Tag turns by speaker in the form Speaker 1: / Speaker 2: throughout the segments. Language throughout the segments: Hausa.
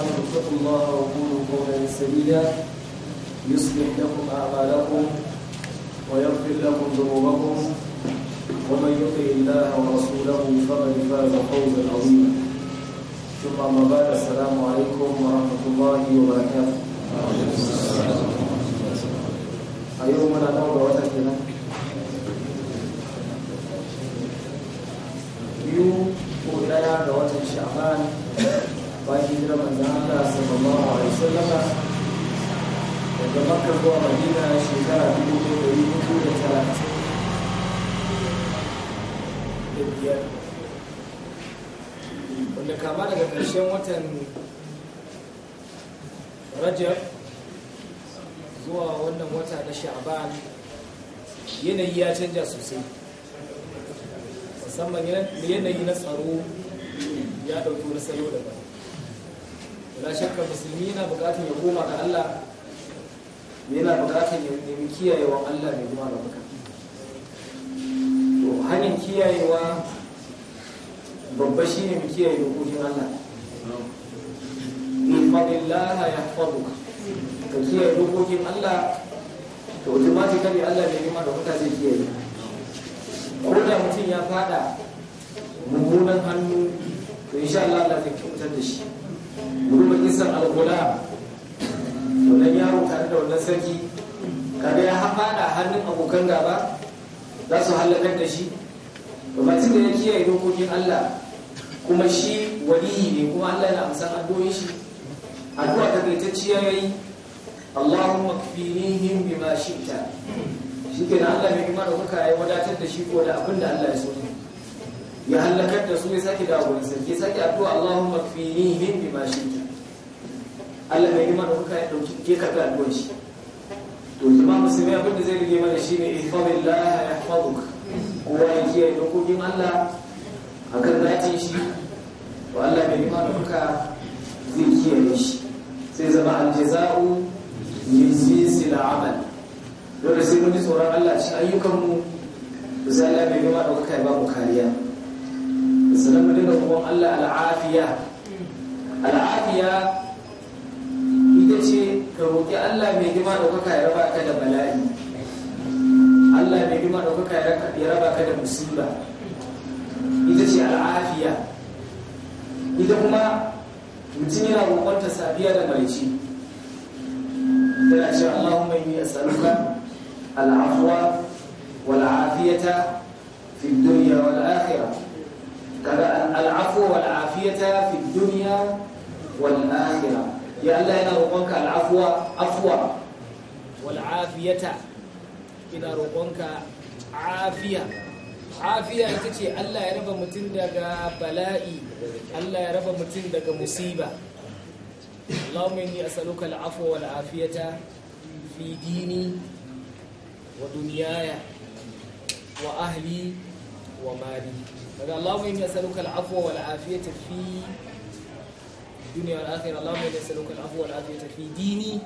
Speaker 1: آمنوا اتقوا الله وقولوا قولا سديدا يصلح لكم أعمالكم ويغفر لكم ذنوبكم ومن يطع الله ورسوله فقد فاز فوزا عظيما ثم أما بعد السلام عليكم ورحمة الله وبركاته أيوم أنا نور وتكلم biyu ko daya ga na manzan Allah sallallahu alaihi wasallama daga makka zuwa madina shekara dubu ɗaya da hudu da talatin
Speaker 2: wanda kama daga ƙarshen watan rajab zuwa wannan wata na sha'ban yanayi ya canja sosai musamman yanayi na tsaro ya ɗauki wani salo daban la shakka musulmi yana bukatar ya koma ga Allah yana bukatar ya nemi kiyayewa Allah mai zuwa da baka to hanyar kiyayewa babba shi ne mu kiyaye dokokin Allah ya yahfaduka ka kiyaye dokokin Allah to automatically Allah mai zuwa da baka zai kiyaye ko da mutum ya fada mummunan hannu to insha Allah Allah zai kyautar da shi duba kisan alkula wannan yaro tare da wannan sarki kada ya haɓaɗa hannun abokan gaba za su hallakar da shi domin da ya kiyaye dokokin Allah kuma shi walihi ne kuma Allah yana amsan addu'o'in shi addu'a ta gaitacciya yayi Allahumma kfinihim bima shi'ta shikenan Allah mai imani kuka yayi wadatar da shi ko da abin da Allah ya so ya halakar da su ya sake da gurin sarki sake addu'a Allahumma kfinihim bima shi'ta Allah mai rima da kuka ya dauki ke ka ga addu'ar shi to imam musulmi abin da zai rige mana shine ihfazillah yahfazuk kowa ya kiyaye dokokin Allah akan dace shi to Allah mai rima da kuka zai kiyaye shi sai zama aljaza'u min si amal dole sai mun tsoron Allah shi ayyukan mu zai Allah mai rima da kuka ya ba mu kariya sannan mu dinga roƙon Allah al'afiya al'afiya ita ce ka roƙi Allah mai girma kuka ya raba ka da bala'i Allah mai girma kuka ya raba ka da musiba ita ce al'afiya
Speaker 1: ita kuma
Speaker 2: mutum yana roƙonta safiya da maraice
Speaker 3: tana ce Allahumma
Speaker 2: yi as'aluka al'afwa wal afiyata fi dunya wal akhirah kaga al'afu wal afiyata fi dunya wal akhirah ya Allah yana roƙonka al'afwa afwa wal afiyata ina roƙonka afiya afiya ita ce Allah ya raba mutum daga bala'i Allah ya raba mutum daga musiba Allahumma inni as'aluka al'afwa wal afiyata fi dini wa dunyaya wa ahli wa mali daga Allahumma inni as'aluka al-afwa wal afiyata fi dunya wal akhirah Allahumma inni as'aluka al-afwa fi dini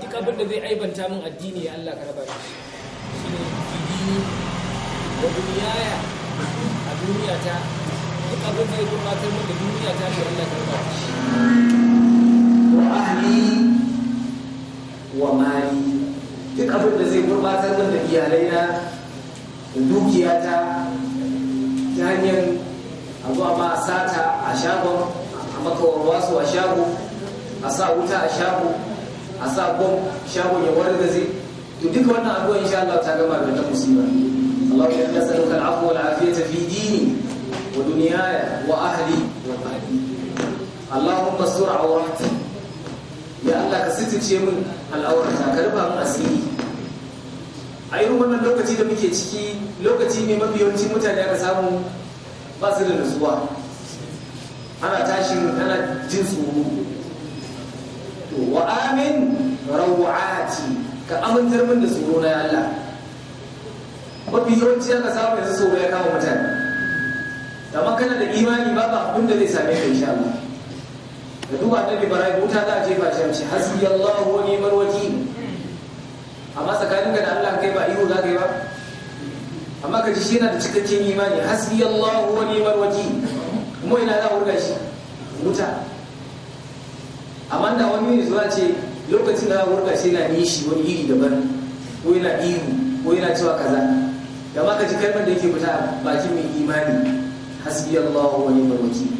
Speaker 2: duk abin zai aibanta min addini ya Allah ka raba shi shine fi dini wa a duniya ta duk abin da min da duniya Allah ka zai da iyalaina da ta hanyar a zuwa ma a sata a shagon a makawar wasu a shago a sa wuta a shago a sa bom shagon ya wani gazi to duka wannan abuwa insha Allah ta gama da ta musibar Allah ya nasaruka al'afu wal ta fi dini wa dunyaya wa ahli wa ahli Allahumma sur awrati ya Allah ka sitice min al'aurata ka rufa min asiri a irin wannan lokaci da muke ciki lokaci ne mafi yawanci mutane aka samu ba su da nutsuwa ana tashi ana jin tsoro to wa amin rawati ka amintar min da tsoro na Allah mafi yawanci aka samu yanzu tsoro ya kama mutane Da makana da imani babu abin da zai same ka insha Allah da duba annabi barai wuta za a jefa shi hasbi Allahu wa ni'mal wakil amma tsakanin da Allah kai ba ihu za ka yi ba amma ka ji shi yana da cikakken imani hasbi Allahu wa ni'mal wakil kuma ina za a wurga shi wuta amma da wani ne zuwa ce lokacin da a wurga shi yana nishi wani iri daban ko yana ihu ko yana cewa kaza da ma ka ji kalmar da yake fita bakin mai imani hasbi Allahu wa ni'mal wakil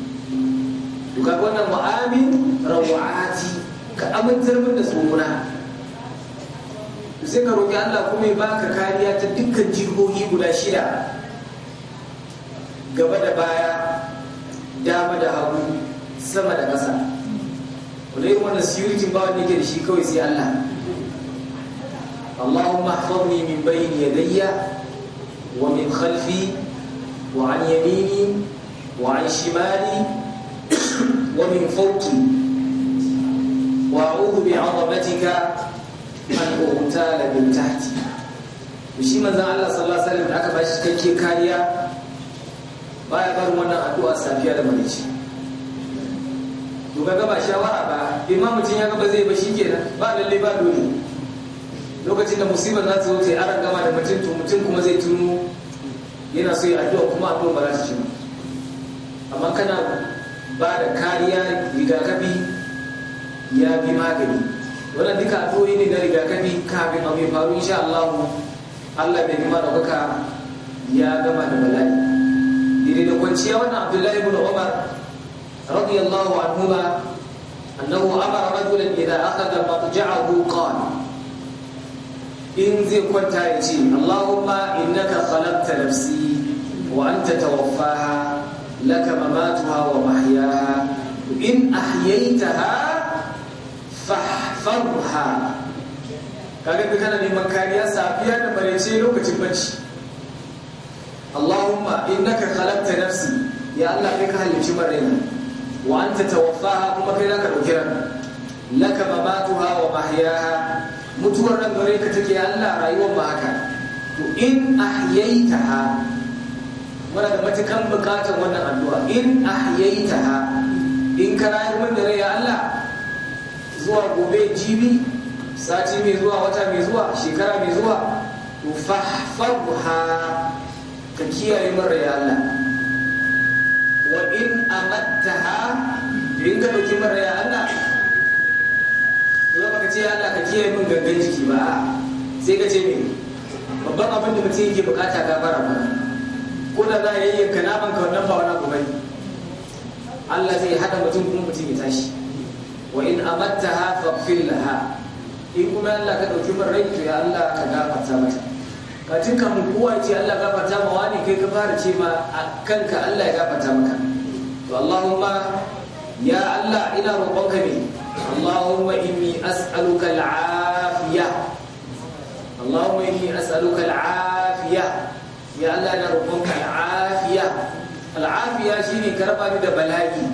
Speaker 2: to kaga wannan mu'amin rawati ka amintar min da tsokuna Zai ka roƙi Allah kuma ya baka kariya ta dukkan jihohi guda shida gaba da baya dama da hagu sama da ƙasa wani wannan siyurkin ba wanda yake da shi kawai sai Allah Allahumma hafadni min bayni yadayya wa min khalfi wa an yamini wa an shimali wa min fawqi wa a'udhu bi 'azamatika an uta da min tahti shi manzan Allah sallallahu alaihi wasallam aka bashi cikakke kariya baya bar wannan addu'a safiya da marici to ga ba shawara ba imam mutun ya ga ba zai ba shikenan ba lalle ba dole lokacin da musibar za ta zo ta aran gama da mutun to mutum kuma zai tuno yana so ya addu'a kuma addu'a ba za ta ci ba amma kana ba da kariya rigakafi ya bi magani wannan duka addu'o'i ne na rigakafi kafin abu ya faru insha Allah Allah bai kuma ya gama da bala'i dire da kwanciya wannan Abdullahi ibn Umar radiyallahu anhu ba annahu amara rajulan idza akhadha matja'ahu qala in zai kwanta ya ce Allahumma innaka khalaqta nafsi wa anta tawaffaha laka mamatuha wa mahyaha in ahyaytaha fahfarha kaga ka kana neman kariya safiya da marece lokacin bacci Allahumma innaka khalaqta nafsi ya Allah kai ka halicci maraina wa anta tawaffaha kuma kai zaka dauki ran laka mamatuha wa mahyaha mutuwar ran gare ka take Allah rayuwar ma haka to in ahyaitaha muna da matakan bukatar wannan addu'a in ahyaitaha in ka rayar min da rai ya Allah zuwa gobe jibi sati mai zuwa wata mai zuwa shekara mai zuwa to fahfadha ka kiyaye mara ya Allah wa in amattaha in ka dauki mara ya Allah to ba ka ce ya Allah ka kiyaye min gangan jiki ba sai ka ce me babban abin da mutum yake bukata gafara ba ko da za a yayyanka naman ka wannan ba wani abu bane Allah zai hada mutum kuma mutum ya tashi wa in amattaha faghfir laha in kuma Allah ka dauki min rai to ya Allah ka gafarta mata ka tinka mu kuwa ce Allah gafarta ma ka fara ce ma a kanka Allah ya gafarta maka to Allahumma ya Allah ina roƙonka ne Allahumma inni as'aluka al'afiya Allahumma inni as'aluka al'afiya ya Allah ina roƙonka al'afiya al'afiya shine karba ni da bala'i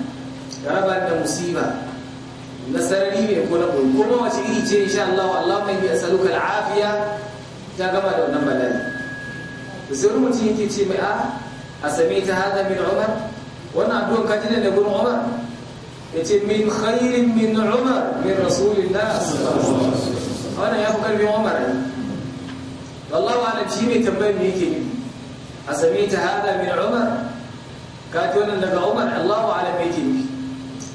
Speaker 2: karba ni da musiba na sarari ne ko na koyi kuma wace iri ce insha Allah Allah mai bi asaluka al'afiya ta gama da wannan bala'i to sai wani mutum yake ce mai a a sami ta hada min Umar wannan addu'an ka ji da gurin Umar yace min khairin min Umar min Rasulillah sallallahu alaihi wasallam wannan ya fi karfin Umar wallahi alam shi ne tambayar me yake nufi a sami ta hada min Umar ka ji wannan daga Umar Allahu alam yake nufi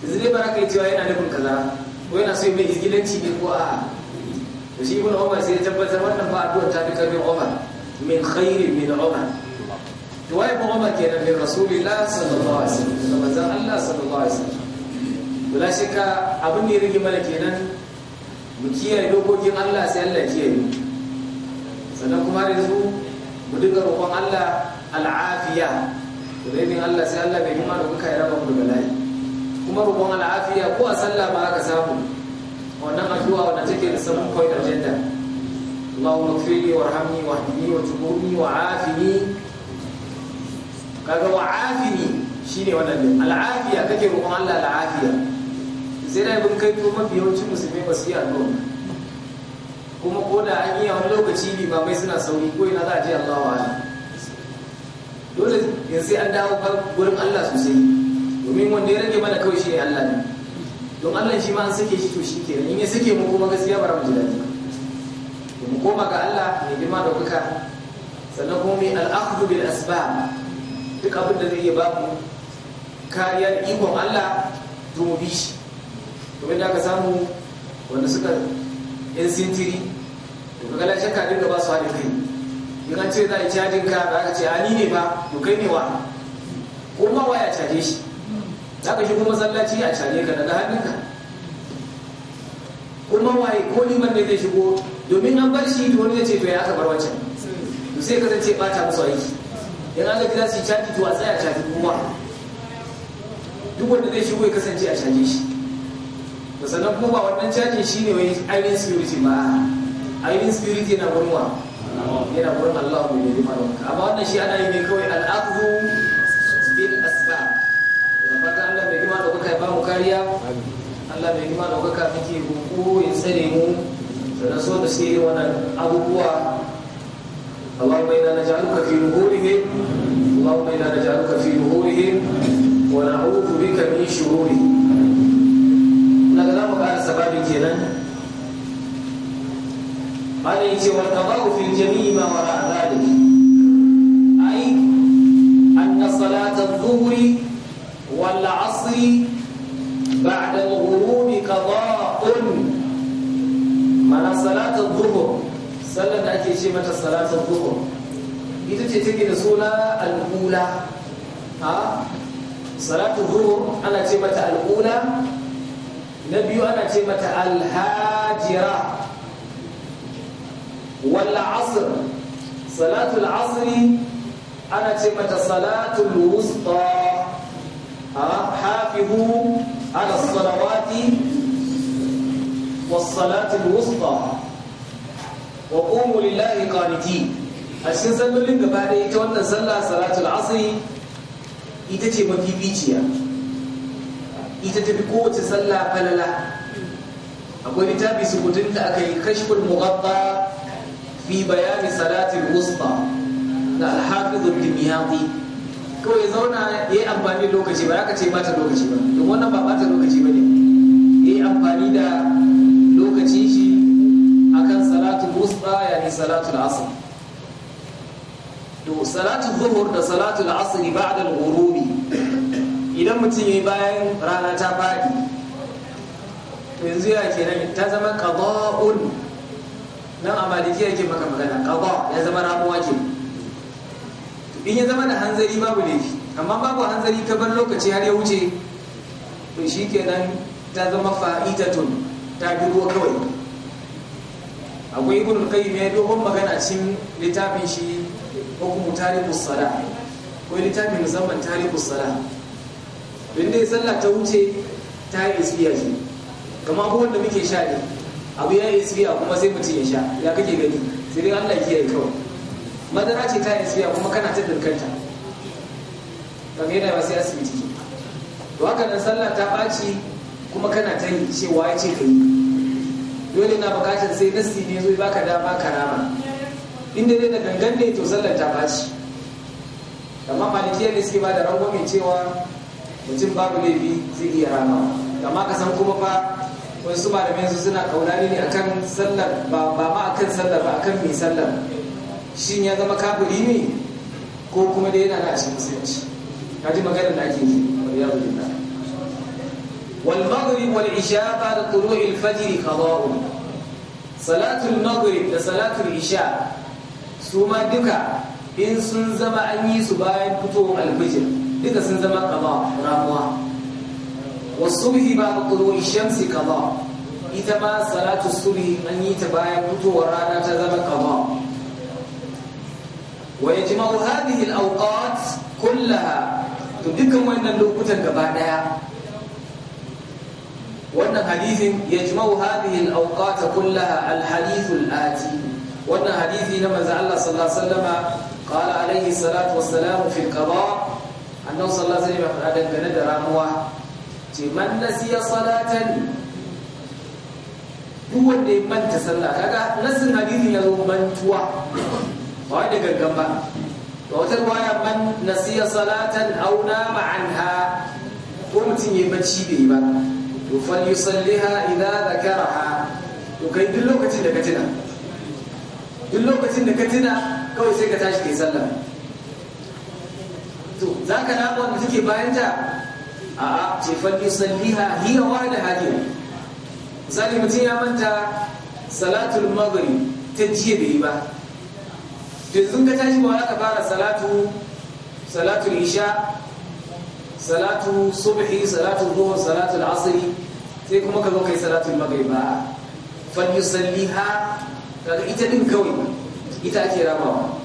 Speaker 2: zai bara kai cewa yana nufin kaza ko yana so mai izgilanci ne ko a'a to shi ibn Umar sai ya tabbatar wannan ba addu'a ta fi karfin Umar min khairi min Umar to wai ibn Umar nan min rasulillah sallallahu alaihi wasallam manzon Allah sallallahu alaihi wasallam wala shakka abin da ya rige mana kenan mu kiyaye dokokin Allah sai Allah kiyaye sannan kuma da su mu dinga roƙon Allah al'afiya to dai Allah sai Allah bai ma da kuka yi raba daga da bala'i kuma roƙon al'afiya ko a sallah ba aka samu wannan addu'a wannan take da sabon kawai aljanna Allahumma kfini warhamni wahdini wajburni wa'afini kaga wa'afini shine wannan din al'afiya kake roƙon Allah al'afiya sai dai bin kai to mafi yawancin musulmai ba su yi addu'a kuma ko da an yi a wani lokaci limamai suna sauri ko ina za a je Allahu a'lam dole yanzu an dawo gurin Allah sosai domin wanda ya rage mana kawai shi ne Allah ne don Allah shi ma an sake shi to shi kenan in ya sake mu kuma gaskiya ba mu ji daɗi mu koma ga Allah mai gama da kuka sannan kuma mai al'akhdhu bil asbab duk abin da zai iya ba mu kariyar ikon Allah to mu bi shi domin da aka samu wanda suka yan sintiri to kaga la shakka dinga ba su haɗin kai in an ce za a yi cajin ka da aka ce a ni ne ba to kai ne wa ko ma waya caje shi za ka shigo masallaci a cane ka daga hannunka kuma waye ko liman ne zai shigo domin an bar shi wani ya ce to ya aka bar wancan sai kasance bata musu aiki in aka kira su caji to a tsaya caji kuma duk wanda zai shigo ya kasance a caje shi da sannan kuma ba wannan cajin shi ne wani ainihin security ba ainihin security yana gurma yana gurin Allah mai yi amma wannan shi ana yi ne kawai al'adu. girma da kuka ba mu kariya Allah mai girma da kuka muke roƙo ya tsare mu da so da suke wannan abubuwa bai inna naj'aluka fi nuhurihim Allahumma inna naj'aluka fi nuhurihim wa na'udhu bika min shururihim daga za mu ƙara sababin kenan قال يجي والقضاء في الجميع ما وراء ذلك أي أن صلاة الظهر والعصر بعد الغروب قضاء mana salatul zuhur sallar da ake ce mata salatul zuhur ita ce take da suna al'ula ha salatul ana ce mata al'ula na biyu ana ce mata alhajira wal salatul asri ana ce mata salatul wusta حافظوا على الصلوات والصلاة الوسطى وقوموا لله قانتين a cikin sallolin gaba da ita wannan sallah salatul asri ita ce mafificiya ita tafi kowace sallah falala akwai littafi sukutun da aka yi kashful mughadda fi bayani salatul wusta na alhafizul dimyati kawai zauna ya yi amfani lokaci ba ka ce ba ta lokaci ba don wannan ba ba ta lokaci ba ne ya yi amfani da lokaci shi a kan salatu musta ya ni salatu al-Asir. to salatu zuhur da salatu asr ba'da al-ghurubi idan mutum ya yi bayan rana ta fadi to yanzu ya kenan ta zama qada'un nan a maliki yake maka magana qada ya zama ramuwa ke? in ya zama da hanzari babu laifi amma babu hanzari ta bar lokaci har ya wuce to shi kenan ta zama fa'idatun ta biro kawai akwai ibn qayyim ya dogon magana cin littafin shi hukumu tarikhus sala ko littafin musamman tarikhus sala inda ya sallah ta wuce ta yi shi kamar abubuwan da muke sha ne abu ya yi kuma sai mutum ya sha ya kake gani sai dai Allah kiyaye kawai madara ce ta yanzu kuma kana ta dirkanta ba ga yana ba sai asibiti to haka nan sallah ta ɓaci kuma kana ta yi cewa ya ce ka yi dole na bukatar sai nasi ne zo baka dama ka rama inda dai da gangan ne to sallar ta ɓaci amma maliki ne suke ba da rangwame cewa mutum babu laifi zai iya rama amma ka san kuma fa wasu malamai su suna kaunani ne akan sallar ba ma akan sallar ba akan mai sallar shin ya zama kafiri ne ko kuma dai yana da cikin musulunci ji maganar da ake yi ya rubuta wal maghrib wal isha ba'da tulu'i al fajr qada'un salatu al maghrib da salatu isha su ma duka in sun zama an yi su bayan fito al duka sun zama qada ramuwa والصبح بعد ita الشمس قضاء إذا ما صلاة الصبح أن يتبايع rana ta zama قضاء ويجمع هذه الأوقات كلها تدكم وإن اللوكتا كبعدها وإن حديث يجمع هذه الأوقات كلها الحديث الآتي وإن حديث لما زعل صلى الله عليه وسلم قال عليه الصلاة والسلام في القضاء أنه صلى الله عليه وسلم أدن بند راموة من نسي صلاة هو اللي من تسلى كذا نسي الحديث يلو من توا ba da gangan ba da wata ruwaya man nasiya salatan aw nama anha ko mutum ya bacci bai yi ba to fal yusalliha idza dhakaraha to kai duk lokacin da ka tuna duk lokacin da ka tuna kawai sai ka tashi kai sallah to zaka na wanda take bayan ta a a ce fal yusalliha hiya wa da hadiya misali mutum ya manta salatul maghrib ta jiya bai yi ba yanzu ka tashi ba ka fara salatu salatu isha salatu subhi salatu duhur salatu asiri sai kuma ka zo kai salatu magriba fal yusalliha ita din kawai ita ake rabawa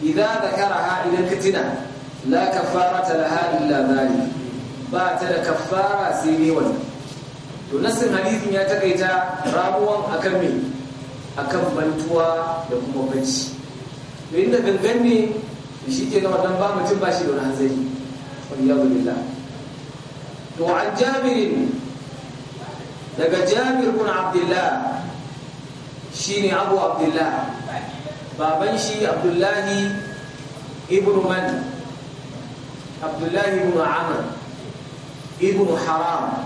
Speaker 2: idan zakaraha idan ka tuna la kafarata laha illa dhalik ba ta da kafara sai ne wannan to nassin hadisin ya takaita rabuwan akan me akan bantuwa da kuma bacci to inda gangan ne shi ke na wannan ba mutum ba shi da wani hanzari waliyadu to an jabirin daga jabir kun abdullah shi ne abu abdullah baban shi abdullahi ibn man abdullahi ibn amr ibn haram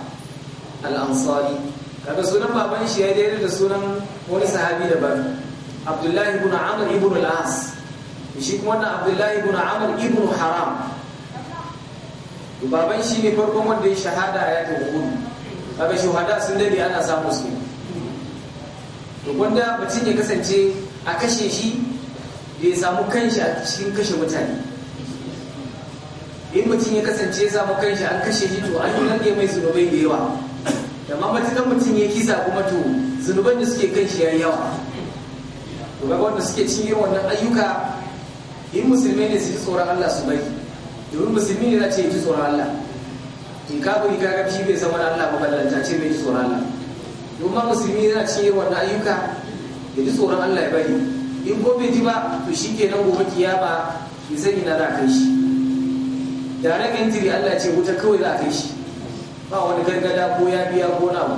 Speaker 2: al-ansari kaga sunan baban shi ya daidai da sunan wani sahabi daban abdullahi ibn amr ibn al-as shi kuma wannan abdullahi ibn amr ibn haram baban shi ne farkon wanda ya shahada ya ta hudu kaga shahada sun dade ana samu su to wanda mutum ya kasance a kashe shi da ya samu kanshi a cikin kashe mutane in mutum ya kasance ya samu kanshi an kashe shi to an yi rage mai zunubai da yawa amma matukan mutum ya kisa kuma to zunuban da suke kanshi ya yawa to ga wanda suke cinye wannan ayyuka in musulmi ne su ji tsoron Allah su bari domin musulmi ne za ce ji tsoron Allah in ka bari ka gafi bai zama Allah ba ce bai ji tsoron Allah domin musulmi yana ce wannan ayyuka ya ji tsoron Allah ya bari in ko bai ji ba to shi kenan gobe kiyama ya sani na za kai shi da rakin tiri Allah ce wuta kawai za a kai shi ba wani gargada ko ya biya ko na ba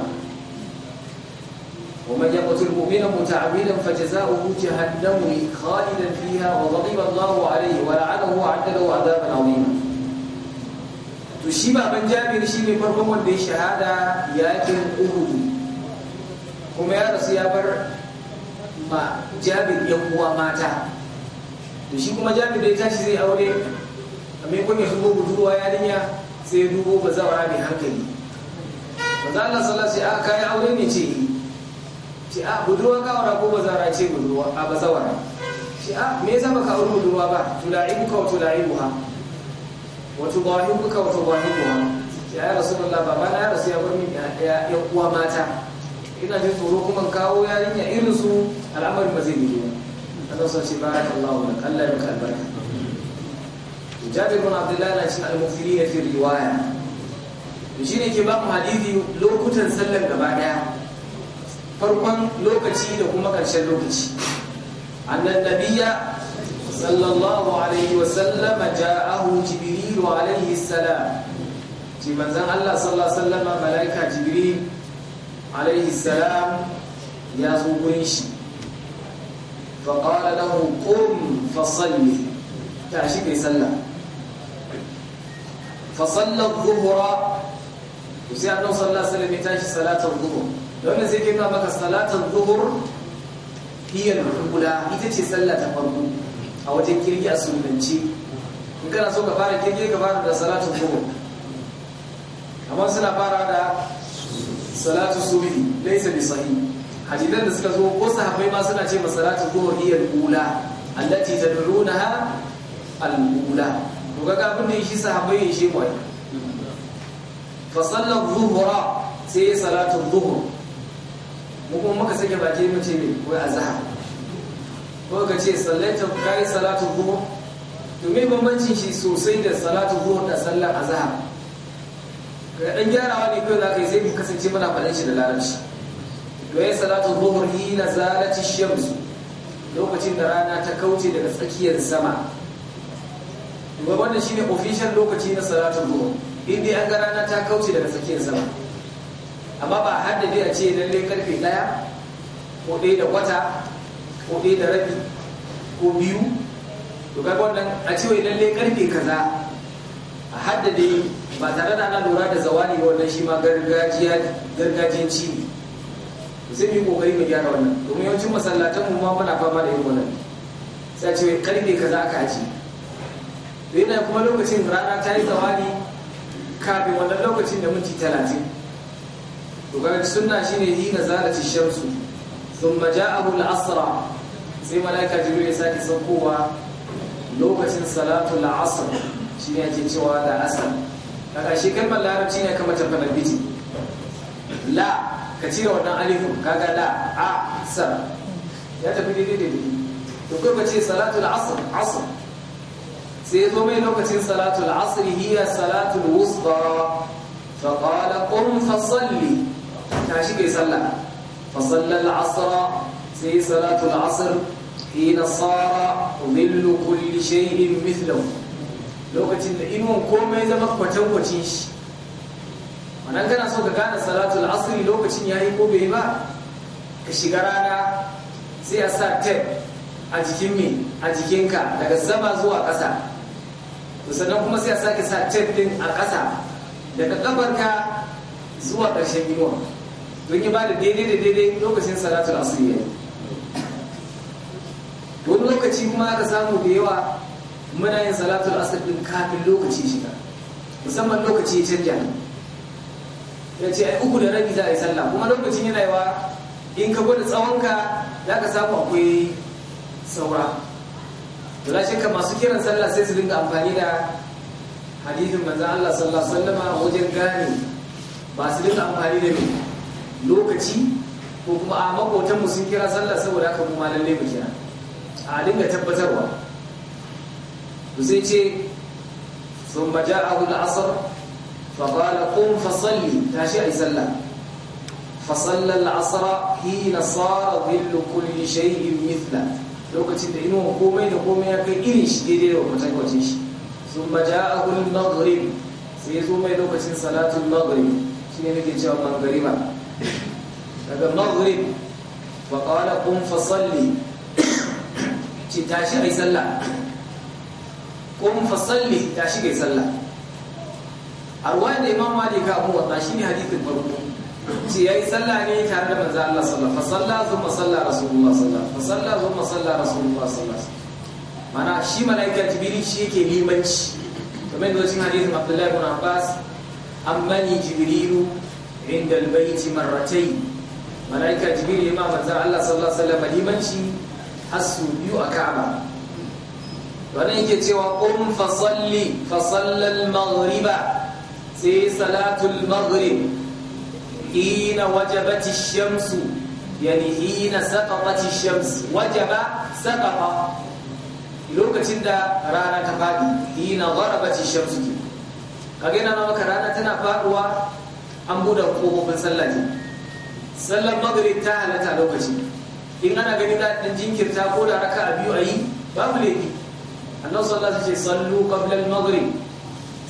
Speaker 2: ومن يقتل مؤمنا متعمدا فجزاؤه جهنم خالدا فيها وغضب الله عليه ولعنه وعد له عذابا عظيما to shi baban jabir shi ne farkon wanda ya shahada yakin uhudu kuma ya rasu ya bar ma jabir yan mata to kuma jabir da ya tashi zai aure a maimakon ya shigo budurwa yarinya sai ya dubo ba mai hankali manzo Allah aka yi aure ne ce shi a ah, budurwa ka aura ko bazara ce budurwa a zawara shi a ah, me za ba aure budurwa ba tula'ibuka wa tula'ibuha wa buha shi a yara suna laba ba na ya rasu ya bar min ya uwa mata ina jin tsoro kuma kawo ya irin su al'amarin ba zai yi ba Allah sai barakallahu lak Allah ya maka albarka Jabir bin Abdullah na cikin al ya fi riwaya shi ne ke ba mu hadithi lokutan sallar gaba daya farkon lokaci da kuma ƙarshen lokaci annan nabiya sallallahu alaihi wasallama ja'ahu jibrilu alaihi salam ji manzan Allah sallallahu sallama malaika jibril alaihi salam ya zo gurin shi fa qala lahu qum fa salli ta shi kai sallah Fasallar salla dhuhra sai annabi ɗau alaihi wasallam ya tashi salatul dhuhra da wannan sai ke nuna maka salatar zuhur hiyar kula ita ce sallah ta farko a wajen kirki a sunanci in kana so ka fara kirki ka fara da salatu zuhur amma suna fara da salatu subhi laysa bi sahih hadidan da suka zo ko sahabbai ma suna ce ma salatu zuhur hiyar kula allati tad'unaha al-ula to kaga abin da shi sahabbai ya shi mai fa sallar zuhura sai salatu zuhur mu kuma muka sake baki mu ce mai wai azhar ko ka ce sallaita kai salatu zuhur to me bambancin shi sosai da salatu zuhur da sallar azhar ga dan gyara wani kai zaka yi sai mu kasance muna faɗin shi da larabci yayin salatu zuhur hina zalati shams lokacin da rana ta kauce daga tsakiyar sama wannan shine official lokaci na salatu zuhur idan an ga rana ta kauce daga tsakiyar sama amma ba haddade a ce lallai karfe daya ko ɗaya da kwata ko ɗaya da rabi ko biyu to kai wannan a ce wai lallai karfe kaza a haddade ba tare da ana lura da zawani wannan shi ma gargajiya gargajiyanci ne sai mu yi kokari mu gyara wannan domin yawancin masallatan mu ma muna fama da yin wannan sai a ce karfe kaza aka aji to yana kuma lokacin rana ta yi zawani kafin wannan lokacin da minti talatin to ga sunna shine hina zalati shamsu thumma ja'ahu al-asra sai malaika jibril ya saki saukowa lokacin Salatu salatul shi ne ake cewa da asar. kaga shi kalmar larabci ne kamar tafanar biji la ka cire wannan alifin kaga la a sar ya tafi daidai da daidai to kai ba ce salatul asr asr sai zo mai lokacin Salatu asr hiya salatul wusta فقال قم فصلي tashi bai sallah fa sallal asr sai salatul asr hina sara dhillu kulli shay'in mithlahu lokacin da inuwan komai zama kwatankwacin shi wannan kana so ka gane salatul asri lokacin yayi ko bai ba ka shiga rana sai a sa tape a jikin me a jikinka daga sama zuwa ƙasa to sannan kuma sai a sake sa tape din a ƙasa daga kafarka zuwa ƙarshen inuwan don ya da daidai da daidai lokacin salatul asr wani lokaci kuma aka samu da yawa muna yin salatul asir din kafin lokaci shiga musamman lokaci ya canja ya ce uku da rabi za a yi sallah kuma lokacin yana yawa in ka gwada tsawonka za ka samu akwai saura to shakka masu kiran sallah sai su dinga amfani da hadithin manzan Allah sallallahu alaihi wasallama wajen gane ba su dinga amfani da mai lokaci ko kuma a makotanmu sun kira sallah saboda haka kuma lalle mu kira a dinga tabbatarwa zai ce sun maja a hudu asar faƙala kun fasalli shi a yi sallah fasallar asara na tsara zillu kulli shayin mithla lokacin da inuwa komai da komai ya kai irin shi daidai da kwatankwacin shi sun maja a da nagari sai zo mai lokacin salatun nagari shi ne nake cewa ba daga maghrib wa qala qum fa salli ci tashi ai sallah qum fa salli tashi kai sallah arwayin da imam malik abu wa shi ne hadithin farko ci yayi sallah ne tare da manzo Allah sallallahu alaihi wasallam thumma salla rasulullah sallallahu alaihi wasallam thumma salla rasulullah sallallahu alaihi mana shi malaika jibril shi yake limanci kamar da cikin hadithin Abdullah ibn abbas amma ni jibrilu inda albayti marratayn malaika jibril ya ma manzo Allah sallallahu alaihi wasallam limanci hasu biyu a Ka'aba wannan yake cewa qum fa salli fa sallal maghriba sai salatul maghrib hina wajabati shamsu yani hina saqatati shams wajaba saqata lokacin da rana ta fadi hina gharabati shamsu kage na maka rana tana faduwa an buɗe kofofin sallah ne sallar magrib ta halatta lokaci in ana gani za a jinkirta ko da raka a biyu a yi babu laifi annan sallah su ce sallu qablal magrib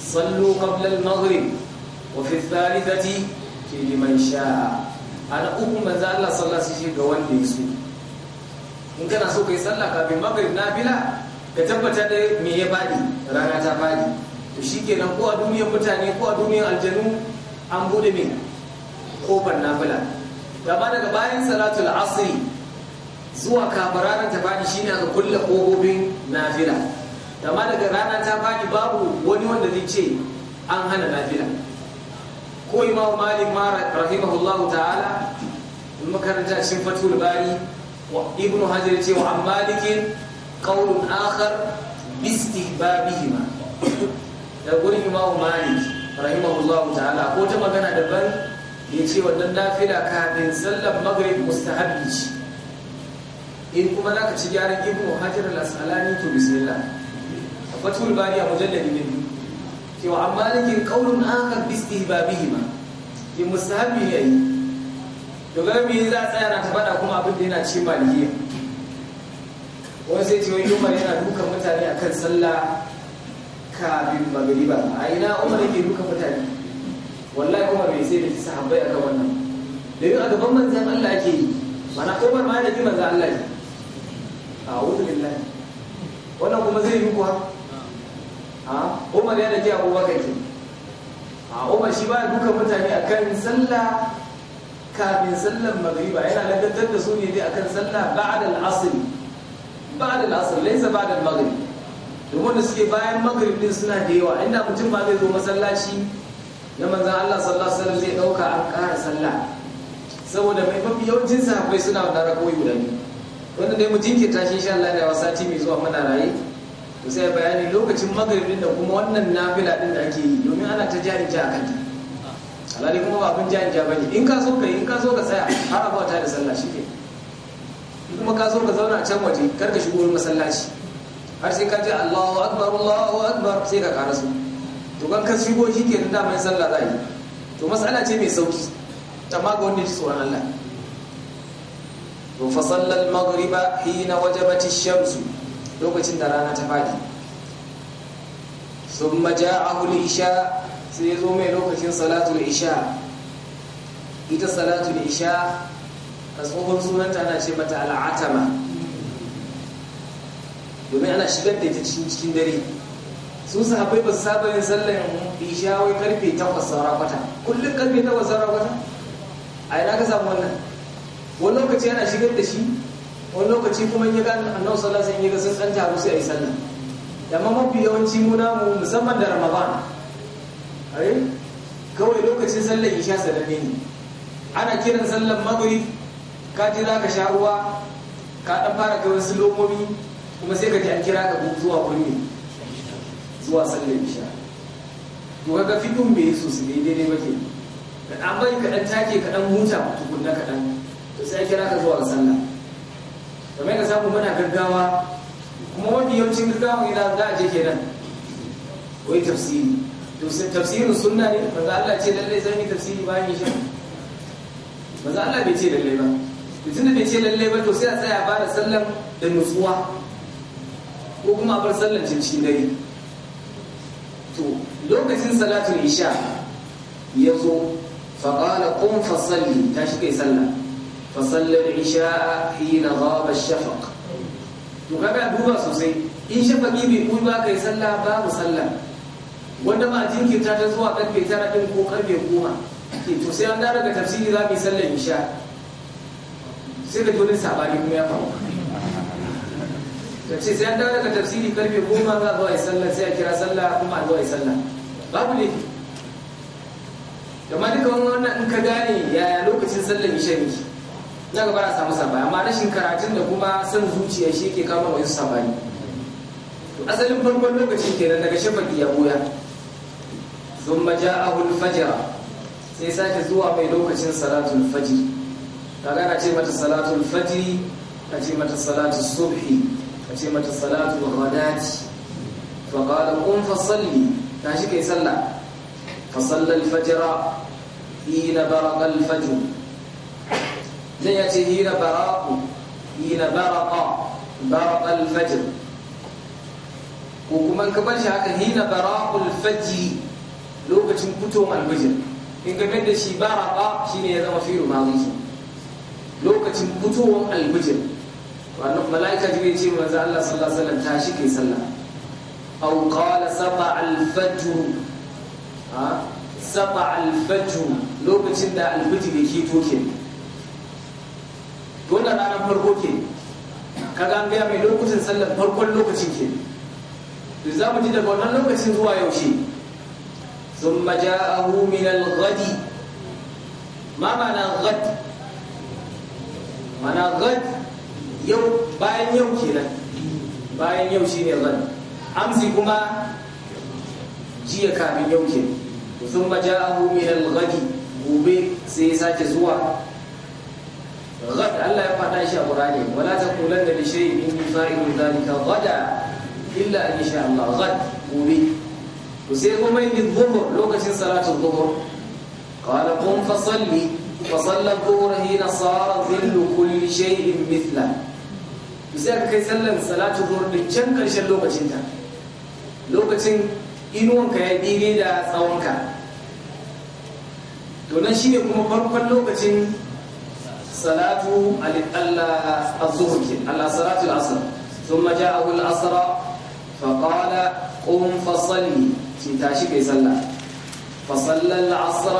Speaker 2: sallu qablal magrib wa fi thalithati ke liman sha ana uku manzo Allah sallah su ce ga wanda ya so in kana so ka yi sallah kafin magrib bila? ka tabbata da me ya faɗi rana ta faɗi to shi shikenan ko a duniyar mutane ko a duniyar aljanu an bude min kofar nafila gama daga bayan salatul asri zuwa kafin ranar ta fadi shine aka kulle kofofin nafila gama daga rana ta faɗi babu wani wanda zai ce an hana nafila ko imamu malik ma rahimahullahu ta'ala makaranta cikin fatul bari wa ibnu hajar ce wa an malikin qaulun akhar bi da gurin imamu malik rahimahullahu ta'ala ko ta magana daban ya ce wannan nafila kafin sallar maghrib mustahabbi ce in kuma zaka ci gyaran ibnu hajar al-asqalani to bismillah fatul bari a mujalladi ne cewa amma lakin qaulun akhar bi istihbabihima in mustahabbi ne yi to ga me za tsaya na ta kuma abin da yana ce malikiya wani sai ce wani yana duka mutane akan sallah kafin ba a na umar yake duka mutane wallahi kuma bai sai da ci sahabbai akan wannan da domin a gaban manzan Allah ake yi mana umar ma yana bi manzan Allah ne a wuzu billahi wannan kuma zai yi kuwa a umar yana ji abubakar ke a umar shi ba duka mutane akan sallah kafin sallan magariba yana ladatar da su ne dai akan sallah ba'da al-asr ba'da al-asr laysa ba'da al-maghrib domin da suke bayan magrib suna da yawa inda mutum ba zai zo masallaci na manzan Allah sallallahu alaihi wasallam zai dauka an ƙara sallah saboda mai mafi yawancin sahabbai suna da rakoyi guda biyu wanda dai mu jinkirta shi insha Allah da sati mai zuwa muna raye to sai bayani lokacin magrib din da kuma wannan nafila din da ake yi domin ana ta jari ja akan alhali kuma ba abin jari ja bane in ka so ka in ka so ka tsaya har abota da sallah shi ke kuma ka so ka zauna a can waje kar ka shigo masallaci har sai ka Allahu akbar Allahu akbar sai ka karasu to kan ka shigo shi ke da mai sallah zai to mas'ala ce mai sauki amma ga wanda ya tsoron Allah to fa al maghriba hina wajabat ash-shams lokacin da rana ta fadi thumma ja'ahu al-isha sai zo mai lokacin al isha ita al isha asubun sunanta ana ce mata atama domin ana shigar da ita cikin dare sa sahabbai ba su saba yin sallar isha wai karfe takwas saura kwata kullum karfe takwas saura kwata a ina ka samu wannan wani lokaci ana shigar da shi wani lokaci kuma in ya ga annabi sallallahu alaihi wasallam yi ga sun dan taru sai ayi sallah amma mafi yawanci mu musamman da ramadan ai kawai lokacin sallar isha sananne ne ana kiran sallar maghrib ka ji za ka sha ruwa ka dan fara ga wasu lokomi kuma sai ka ji an kira ka zuwa wani zuwa sallar isha to kaga fidin bai so su daidai ne bake da dan bari ka dan take ka dan huta tukun ka dan to sai kira ka zuwa sallah mai ka samu muna gaggawa kuma wani yawancin gaggawa ina za a je kenan wai tafsiri tafsirin sunna ne manzo Allah ce lalle zan yi tafsiri bayan ba. manzo Allah bai ce lalle ba tunda bai ce lalle ba to sai a tsaya ba da sallar da nutsuwa ko kuma a bar sallar cikin dai to lokacin salatu isha ya zo faƙala kun fasalli ta shi kai sallar fasallar isha hina ghaba shafaq to kaga duba sosai in shafaqi bai kuyi ba kai sallah babu sallah wanda ma jinkirta ta zuwa karfe tara din ko karfe goma ke to sai an daga tafsiri za mu yi sallar isha sai da dole sabari kuma ya faru ka ce sai an dawo daga tafsiri karfe goma za a zuwa yi sallah sai a kira sallah kuma a zuwa yi sallah babu laifi amma duka wannan in ka gane yaya lokacin sallar isha ne na gaba na samu sabani amma rashin karatun da kuma son zuciya shi ke kama wasu sabani to asalin farkon lokacin kenan daga shafaki ya goya sun maja ahul fajira sai sake zuwa mai lokacin salatul fajiri kaga na ce mata salatul fajiri na ce mata salatul subhi ce mata salatu ghadati fa qala qum fasalli salli tashi kai sallah fa salla al-fajr hina baraƙar al-fajr dan ya ce hina baraqu hina baraqa baraqa al ko kuma ka bar shi haka hina baraqul fajr lokacin fitowar al-fajr in game da shi baraqa shine ya zama fi'il madhi lokacin fitowar al wannan mala'ika jibril ce manzo Allah sallallahu alaihi wasallam tashi kai sallah aw qala safa al-fajr ha sab'a al-fajr lokacin da al-fajr yake toke wannan ranar farko ke kaga an ga mai lokacin sallar farkon lokacin ke to za mu ji daga wannan lokacin zuwa yaushe ثم جاءه من الغد ما معنى الغد معنى الغد yau bayan yau kenan bayan zan amsi kuma jiya kafin yau kenan sun baja ahu min gobe sai sake zuwa ghadi Allah ya fada shi a Qur'ani wala taqulan da shay min fa'il dalika ghada illa in sha Allah ghadi gobe ku sai kuma yin dhuhr lokacin salatul dhuhr qala qum fa salli fa salla dhuhra hina sara dhillu kulli to sai aka kai sallan salatu zuhur din can karshen lokacin ta lokacin inuwanka ya dire da tsawonka to nan shine kuma farkon lokacin salatu Allah az-zuhur ke Allah salatu al-asr thumma ja'ahu al-asr fa qala qum fa salli ki tashi kai sallah fa sallal asr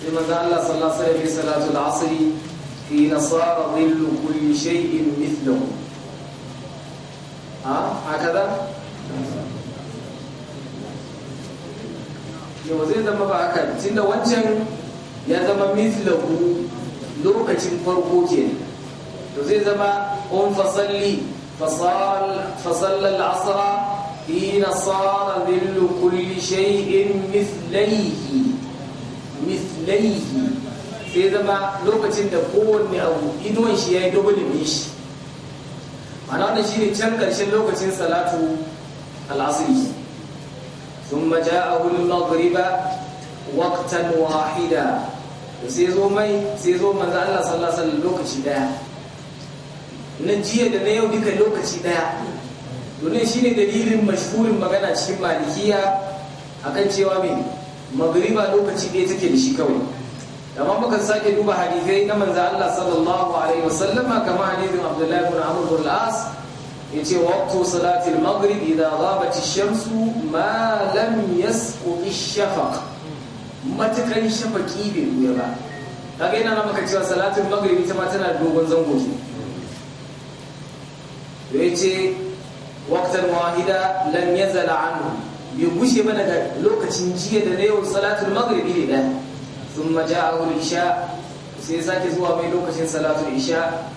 Speaker 2: sai manzo Allah sallallahu alaihi wasallam salatu al-asr في نصارى ظل كل شيء مثله ها هكذا يو زي زما باكا تند وانشن يا زما مثله لوكاشين فرقو كين تو زي قم اون فصلي فصال فصلى العصر حين صار ذل كل شيء مثليه مثليه sai zama lokacin da kowanne abu inuwan shi ya yi dubulin shi ma'ana wannan shi ne can ƙarshen lokacin salatu al'asiri sun maja a hulun ba waktan wahida sai zo mai sai zo manza Allah sallasa lokaci daya na jiya da na yau duka lokaci daya domin ne dalilin mashhurin magana cikin malikiya akan cewa mai magriba lokaci ɗaya take da shi kawai amma muka sake duba hadisai na manzo Allah sallallahu alaihi wasallama kamar hadisin Abdullah ibn Amr ibn al-As yace waqtu salati al-maghrib idha ghabat ash-shamsu ma lam yasqut ash-shafaq matakan shafaqi bai buya ba kaga yana maka cewa salatin maghrib ita ma tana dogon zango yace waqtan wahida lam yazal anhu bai gushe ba daga lokacin jiya da na yau al maghrib ne ثم جاءه العشاء سيساك زوا مي لوكاشين صلاه العشاء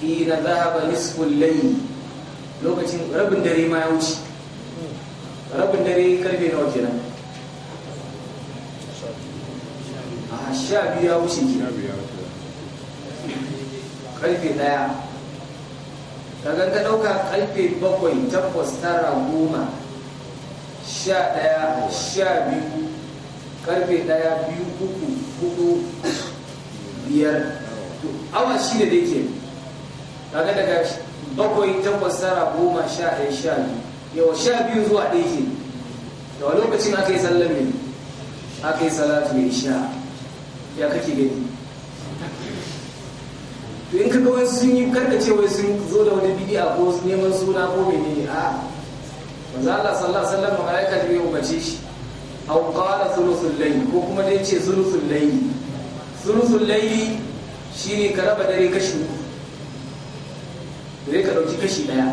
Speaker 2: حين ذهب نصف الليل لوكاشين ربن دري ما يوشي ربن دري كربي نو كده sha biyu ya wuce ki karfe daya daga ka dauka karfe bakwai takwas tara goma sha daya sha biyu karfe daya biyu uku hudu biyar to awa shi ne da yake kaga daga bakwai takwas tara goma sha ɗaya sha biyu yawa sha biyu zuwa ɗaya ke wa lokacin aka yi sallar ne aka yi salatu ya sha ya kake gani to in kaga wai sun yi karkace wai sun zo da wani bidi'a ko neman suna ko menene a manzo Allah sallallahu alaihi wasallam malaika ya umarce shi aw qala thuluthul layl ko kuma dai ce thuluthul layl thuluthul layl shine ka raba dare kashi uku dare ka dauki kashi daya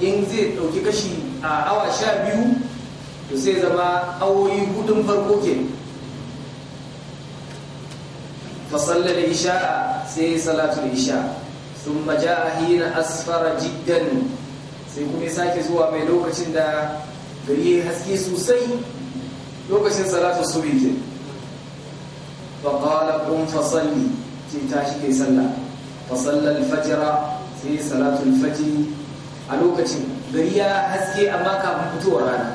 Speaker 2: in zai ɗauki kashi a awa sha biyu to sai zama awoyi hudun farko ke fasalla da a sai Salatu da isha sun maja a hina asfara jiddan sai kuma sake zuwa mai lokacin da gari haske sosai lokacin salatu subi ce fa qala qum fa salli ce ta kai sallah fa salla al-fajra sai salatu al-fajr a lokacin gari ya haske amma kafin fitowar rana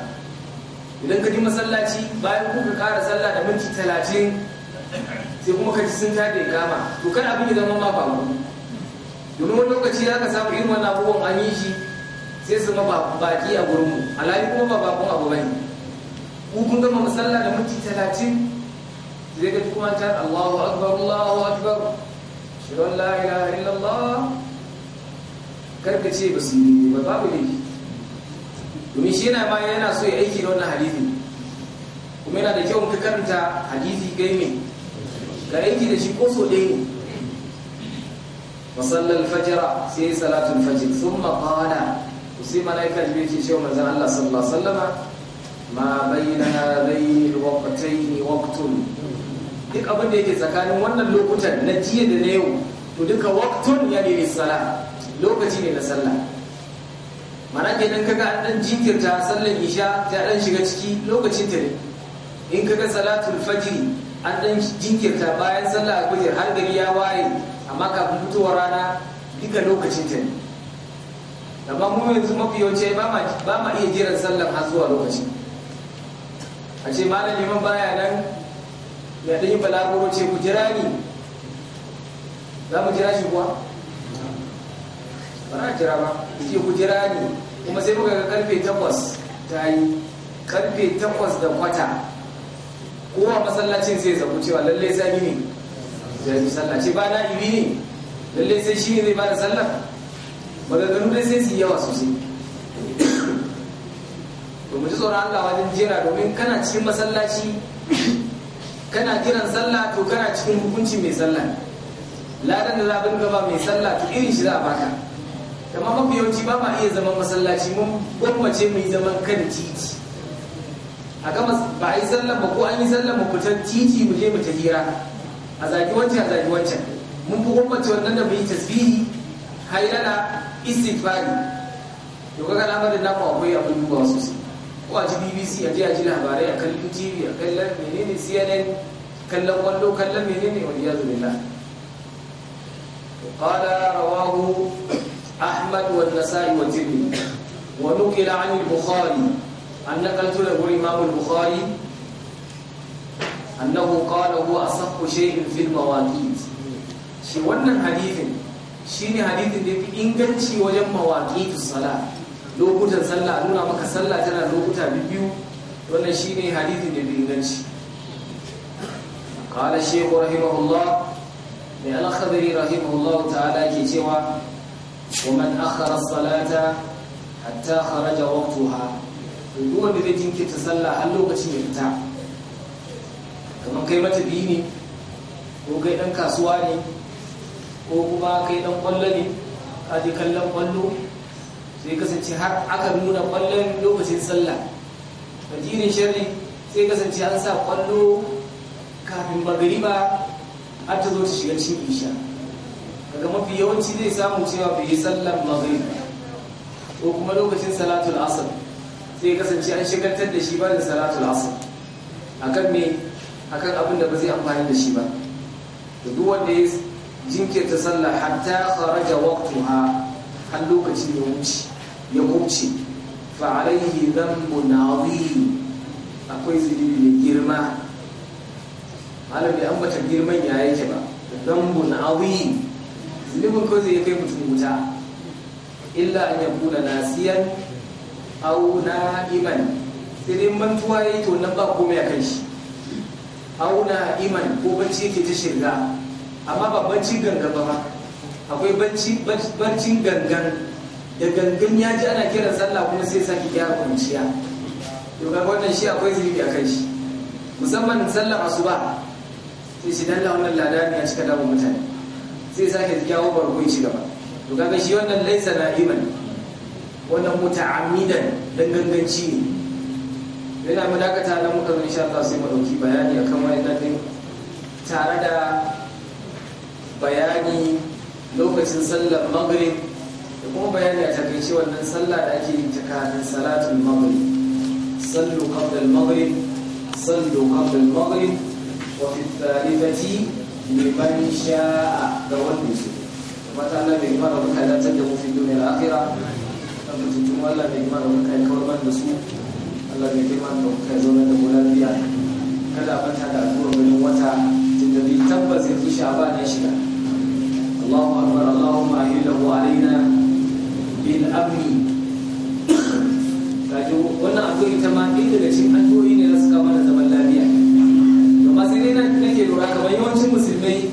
Speaker 2: idan ka ji masallaci bayan kuka kara sallah da minti talatin sai kuma ka ji sun taɗe gama to kan abin da zama ma ba mu domin wani lokaci za ka samu irin wannan abubuwan an yi shi sai su ma baki a gurinmu alayi kuma ba bakon abu bane ku kun gama musalla da minti talatin Sai ga kuma ta Allahu akbar Allahu akbar shirin la ilaha illallah karka ce ba su yi ba babu ne
Speaker 1: domin shi yana ma yana so ya aiki
Speaker 2: da wannan hadisi kuma yana da kyau ka karanta hadisi kai ka aiki da shi ko so ɗaya ne masallal fajira sai salatul fajr thumma qala sai malaika jibril ce shi manzon Allah sallallahu alaihi ma bai na hadaini waqtaini duk abin da yake tsakanin wannan lokutan na jiya da na yau to duka waqtun ya ne sala lokaci ne na sallah mana kenan kaga an dan jinkirta sallar isha ta dan shiga ciki lokacin ta ne in kaga salatul fajri an dan jinkirta bayan sallah alfajr har gari ya waye amma kafin fitowar rana duka lokacin ta ne amma mu yanzu mafi yawanci ba ma iya jiran sallar har zuwa lokacin a ce malam liman baya nan ya yi balaguro ce ku jira ni za mu jira shi kuwa ba na jira ba ce ku jira ni kuma sai muka ga karfe takwas ta yi karfe takwas da kwata kowa masallacin sai zaku cewa lallai sani ne da yi sallace ba na ibi ne lallai sai shi ne zai ba da sallar maganganu dai sai su yi yawa sosai Domin ji tsoron Allah wajen jera domin kana cikin masallaci kana jiran sallah to kana cikin hukunci mai sallah ladan da zabin gaba mai sallah to irin shi za a baka amma mafi yawanci ba ma iya zaman masallaci mun gwamnace mai zaman kan titi a gama ba a yi sallah ba ko an yi sallah mu fita titi mu je mu ta hira a zagi wancan a zagi wancan mun fi gwamnace wannan da mu yi tasbihi hailala istighfari to kaga lamarin naku akwai abin duba sosai ko a ji bbc a ji a ji labarai a kallon tv a kallon menene cnn kallon kwallo kallon menene wani ya zuwa na قال رواه أحمد والنسائي والترمذي ونقل عن البخاري أن نقلت له الإمام البخاري أنه قال هو أصح شيء في المواقيت شي wannan hadithin shine hadithin da yafi inganci wajen mawaqitus salat lokutan sallah nuna maka sallah tana lokuta biyu wannan shine hadithin da bin ganci qala shaykh rahimahullah mai al-khadri rahimahullah ta'ala ke cewa wa man akhara as-salata hatta kharaja waqtaha duk wanda zai jinkirta sallah har lokacin ya fita kamar kai mata biyu ne ko kai dan kasuwa ne ko kuma kai dan kwallo ne ka je kallon kwallo sai kasance har aka nuna kwallon lokacin sallah jirin sharri sai kasance an sa kwallo kafin ba har ta zo ta shiga cin isha daga mafi yawanci zai samu cewa bai yi sallar magariba ko kuma lokacin salatul asr sai kasance an shigartar da shi ba da salatul asr akan me akan abin da ba zai amfani da shi ba da duk wanda ya jinkirta sallah hatta kharaja waqtuha har lokacin ya wuce ya kubce fa alaihi dhanbun azim akwai zunubi mai girma malam bai ambata girman ya yake ba dhanbun awi zunubin ko zai kai mutum wuta illa an yakuna nasiyan na iman sai dai mantuwa ya yi to nan ba komai kan shi na iman ko bacci yake ta shirga amma ba bacci gangan ba akwai baccin gangan da gangan ya ji ana kiran sallah kuma sai sake gyara kwanciya to ga wannan shi akwai zubi a kai shi musamman sallar asuba sai shi dan wannan ne ya cika dawo mutane sai sake jawo ya shi gaba to ga shi wannan laisa na'iman wannan muta'ammidan dan ganganci ne yana mu dakata nan muka zan insha Allah
Speaker 1: sai mu dauki bayani akan wannan din
Speaker 2: tare da bayani lokacin sallar maghrib kuma bayani a takaice wannan sallah da ake yin ta kafin salatul maghrib sallu qabla al-maghrib sallu
Speaker 1: qabla al-maghrib wa fi thalithati liman sha'a da wanda su mata Allah bai fara muka da mu fi duniyar akhirah kan mutum Allah bai mara muka kawar da su Allah bai mara kai zauna da mu kada manta da addu'a ganin wata tunda tabbas yanzu sha'ban ya shiga
Speaker 2: Allahu akbar Allahumma ahillahu alaina bil amni kaji wannan addu'a ita ma ɗaya daga cikin addu'o'i ne da suka mana zaman lafiya amma sai dai na nake lura kamar yawancin musulmai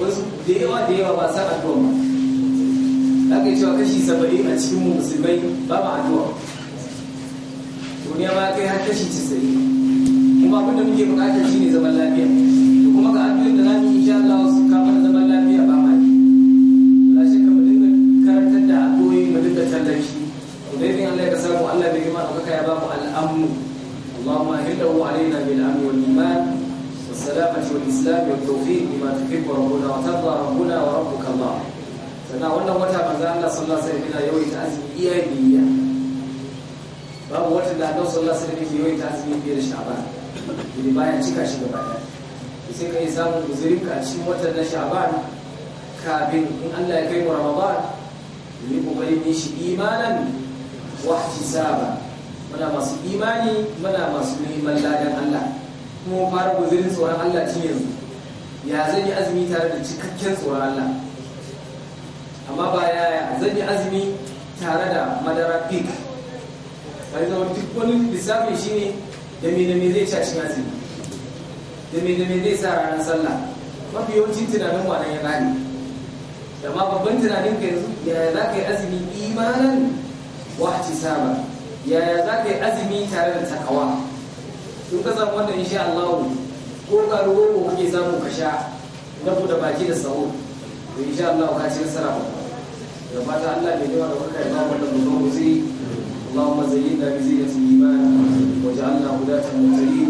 Speaker 2: wasu da yawa da yawa ba san addu'a ba za ka yi cewa kashi saba'in a cikin musulmai ba ma addu'a duniya ma kai har kashi cisai kuma abin da muke bukatar shine zaman lafiya sannan wannan wata manzo Allah sallallahu alaihi wasallam yana yawaita azumi iya biya babu wata da Allah sallallahu alaihi wasallam yake yawaita azumi fiye da Sha'ban idan baya cika shi gaba ɗaya sai kai samun uzurin ka cikin watan na Sha'ban kafin in Allah ya kai mu Ramadan yi kokari ne shi imanan wa ihtisaba muna masu imani muna masu neman ladan Allah kuma fara guzurin tsoron Allah cin yanzu ya zan yi azumi tare da cikakken tsoron Allah amma ba yaya zan yi azumi tare da madara pig ba zama duk wani lissafin shi ne da me da me zai ci azumi da me da me zai sa ranar sallah mafi yawancin tunanin nan ya gane da ma babban tunanin ka yanzu yaya za ka yi azumi imanan ci saba yaya za ka yi azumi tare da takawa in ka samu wannan insha Allah ko karuwa ko kuke samu ka sha na buɗe baki da sahu to insha Allah ka ci nasara ba gaba Allah ne da kuka yi da mutum musi
Speaker 1: Allahumma zayyin da bi zina su iman wa ja Allah guda ta mutari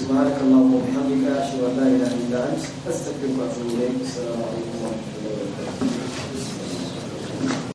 Speaker 1: subhanakallahu wa bihamdika ashhadu an la ilaha illa anta astaghfiruka wa atubu ilayk assalamu alaikum